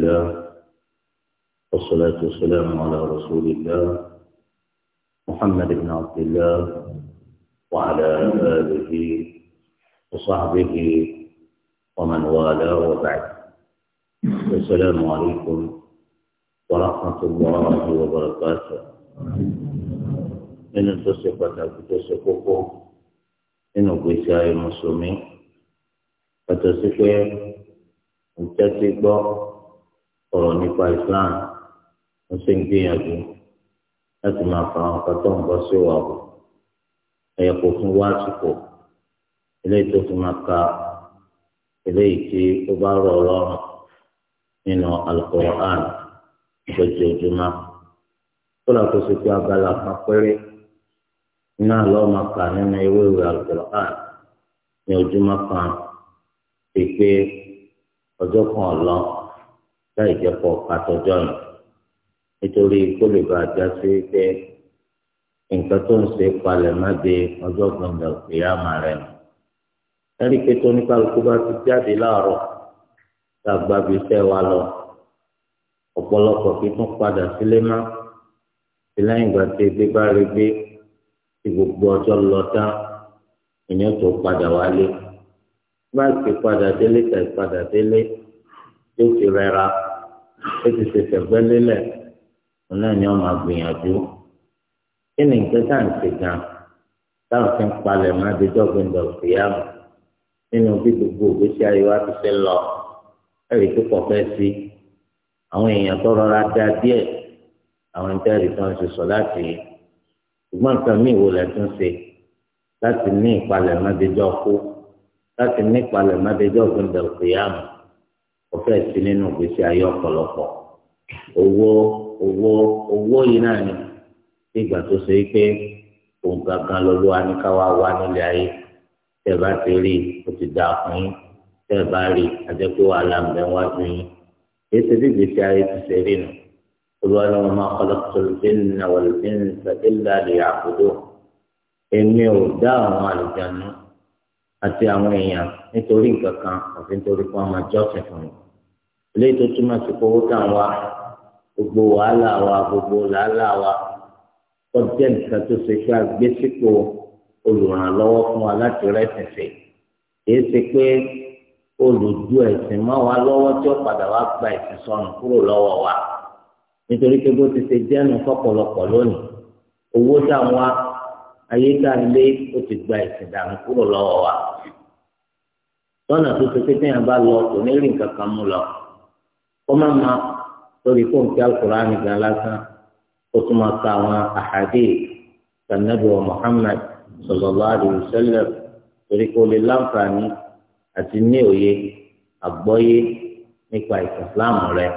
الله والصلاة والسلام على رسول الله محمد بن عبد الله وعلى آله وصحبه ومن والاه وبعد السلام عليكم ورحمة الله وبركاته إن tó ṣe pàtàkì tó المسلمين فتصفين nínú gbèsè ọ̀rọ̀ nípa Islam ó sì ń gbìyànjú láti máa fa àwọn kan tó ń bọ́ sí wa o ẹ̀yẹ kò fún wá àsìkò eléyìí tó fi máa ka eléyìí tí ó bá nínú tó ṣe pé abala kan péré iná lọ́ọ́ kan láì jẹ́ pọ̀ pàtọ́jọ́ nù nítorí kó lè bá a já sí pé nǹkan tó ń ṣe palẹ̀ má de ọjọ́ gbọ̀ngàn ìyáàmà rẹ̀ nù. ẹ̀rí pé tó ní kálukú bá ti jáde láàárọ̀ tá a gba ibi iṣẹ́ wa lọ ọ̀pọ̀lọpọ̀ kí tún padà sílé má sí lẹ́yìn ìgbà tí ebi bá rí gbé tí gbogbo ọjọ́ lọ tán èèyàn tó padà wálé bá ti padà délé tẹ̀ padà délé tó ti rẹra ó ti ṣẹṣẹ gbẹ́lélẹ̀ òun náà ni wọ́n máa gbìyànjú kí ni nǹkan tá à ń ṣe gan táwọn fi ń palẹ̀ máa dejọ́ gbẹ̀ndọ̀ fìyàmù nínú bí gbogbo ògbésí ayé wa ti fẹ́ lọ ẹ̀rí tó pọ̀ fẹ́ sí àwọn èèyàn tó rọra dá díẹ̀ àwọn ìtẹ́rì tó ń ṣe sọ láti ṣùgbọ́n nǹkan míì wo lẹ̀ tún ṣe láti ní ìpalẹ̀ mọ́déjọ́ kú láti ní ìpalẹ̀ mọ́déjọ́ gbẹ̀ndọ̀ fìyàmù ọ̀fẹ́ sí nínú ìgbésí ayé ọ̀pọ̀lọpọ̀ owó owó owó yìí náà ni ìgbà tó ṣe é pé òun gangan lọ́lọ́ aníkáwá wá nílé ayé tẹ́ bá ti rí o ti dà fún yín tẹ́ bá rí àjẹpé wàhálà ń bẹ wá fún yín èyí ṣe bí ìgbésí ayé ti ṣe rí nù olúwa ni wọn máa kọlọkọtọ lóbìnrin àwọn lóbìnrin sàdéla lè àkójọ èmi ò dá àwọn àlùjánu àti àwọn èèyàn nítorí nǹkan kan àfi nítorí pé wọn máa jọ́sìn fún mi eléyìí tó túmọ̀ sí kówó tàn wá gbogbo wàhálà wa gbogbo làálà wa kọjá nǹkan tó ṣe pé àgbésípò olùrànlọ́wọ́ fún wa láti rẹ́sìn sí kìí ṣe pé olùdú ẹ̀sìn mọ́ wa lọ́wọ́ tí ó padà wá gba ẹ̀sìn sọnù kúrò lọ́wọ́ wa nítorí pé bó ti ṣe jẹ́nu fọ́pọ̀lọpọ̀ lónìí owó táwọn ayé tá a lé ó ti gba ẹ̀sìn dànù kúrò lọ́wọ́ wa lọ́nà tó ṣe pé téèyàn bá lọ kò ní rí nǹkan mú lọ kó má ma lórí kó n kí alukur'ani gan lásán kó tó máa ka àwọn àhàdé sànàbí wa muhammad sallallahu alayhi wa sallam torí kó lè láǹfààní àti ní òye àgbọ́yé nípa ìsìláàmù rẹ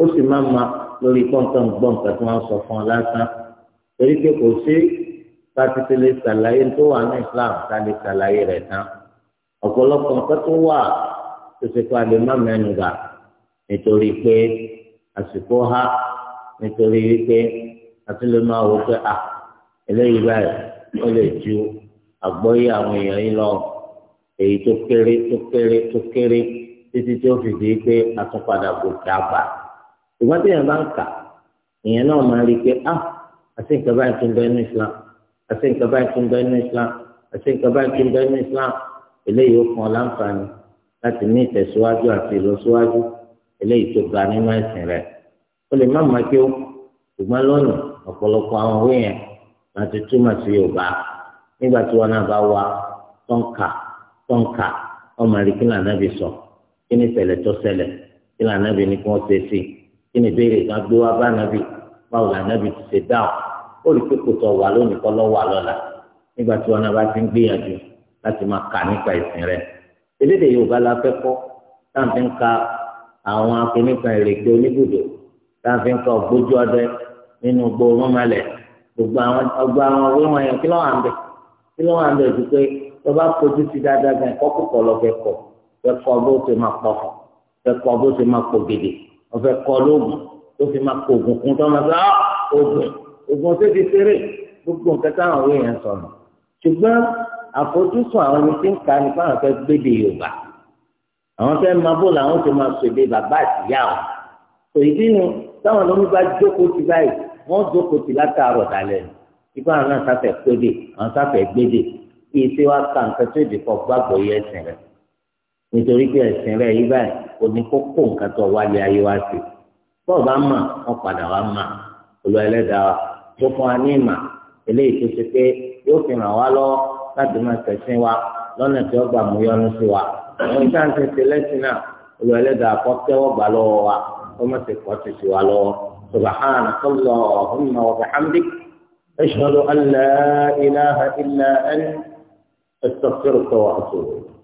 ó sì má ma lórí kọ́ńtàn gbọ́ǹkà tí wọ́n sọ fún ọ lásán torí pé kò sí pátítí lè tó wà ní islam ká lè rẹ̀ tán ọ̀pọ̀lọpọ̀ nǹkan tó wà tó ṣe kó lè má mẹ́nu bà nítorí pé àsìkò ha nítorí wípé àtúndì máa wò pé à eléyìí báyìí ó lè ju àgbọ́yé àwọn èèyàn yìí lọ èyí tó kéré tó kéré tó kéré títí tí ó fi di pé àtúnpadà kò kí a gbà ìwọ́n tí èèyàn bá ń kà èèyàn náà máa rí i pé à àti nǹkan báyìí tún bẹ́ẹ̀ ní Islam àti nǹkan báyìí tún bẹ́ẹ̀ ní Islam àti nǹkan báyìí tún bẹ́ẹ̀ ní Islam eléyìí ó fún ọ láǹfààní láti ní ìtẹ̀síwájú àti ìlọsíwájú eléyìí tó ga nínú ẹ̀sìn rẹ̀ ó lè má máa kí ó ṣùgbọ́n lónìí ọ̀pọ̀lọpọ̀ àwọn òwe yẹn láti túmọ̀ sí yorùbá nígbà tí wọn náà bá wá tọ́ǹkà tọ́ǹkà ọmọ rí kí lànàbì sọ kí ni ṣẹlẹ̀ tó ṣẹlẹ̀ kí lànàbì ní kí wọ́n ṣe sí kí ni béèrè kan gbé wá bá nàbì báwo lànàbì ti ṣe dáhùn ó rí pípò tó wà lónìí kọ́ lọ́wọ́ àlọ́la nígbà tí wọn náà bá ti ń gbìyànjú láti máa kà nípa ìsìn rẹ̀ àwọn akẹ́nìkan ìrèké oníbùdó tá a fi ń kọ́ gbójú ọdẹ nínú gbòòrò mọ́lẹ̀ gbogbo àwọn ọgbà àwọn òwe wọn yẹn kí ló wà ń bẹ kí ló wà ń bẹ ju pé tó bá kojú sí dáadáa gan ẹ̀kọ́ púpọ̀ lọ fẹ́ kọ́ fẹ́ kọ́ bó ṣe máa pọ̀ fún fẹ́ kọ́ bó ṣe máa pọ̀ gèdè wọ́n fẹ́ kọ́ lóògùn tó fi máa kó oògùn kún tó máa sọ oògùn ah, oògùn tó fi ṣeré gbogbo nǹkan táwọn òwe yẹn sọ̀rọ̀ ṣùgbọ́n àfojúsùn àwọn ẹni tí ń ka nípa àwọn fẹ́ gbéde àwọn fẹ́ máa bó làwọn tó máa ṣèdè bàbá àtìyá o tò ìdí nu táwọn lómi bá jókòó ti báyìí wọ́n jókòó ti látàárọ̀ dalẹ̀ ìgbà àwọn náà sáfẹ́ péde àwọn sáfẹ́ gbéde kí iṣẹ́ wa ka nǹkan tó ìdìkọ̀ gbàgbọ́ yẹ ẹ̀sìn rẹ̀ nítorí pé ẹ̀sìn rẹ̀ yí báyìí kò ní kó kó nǹkan tó wálé ayé wa sí bọ́ọ̀ bá mà wọ́n padà wá mà olú ẹlẹ́dàá tó fún wa ní ìmà eléyìí tó ṣe pé yóò wa wọn ìṣá ń tètè lẹ́sìn náà olú ẹlẹ́dàá kọ́ tẹ́wọ́ gbà lọ́wọ́ wa ó má ti kọ́ ti sì wá lọ́wọ́ subhanaka allahumma wa bihamdik ashhadu an la ilaha illa anta astaghfiruka wa atubu ilayk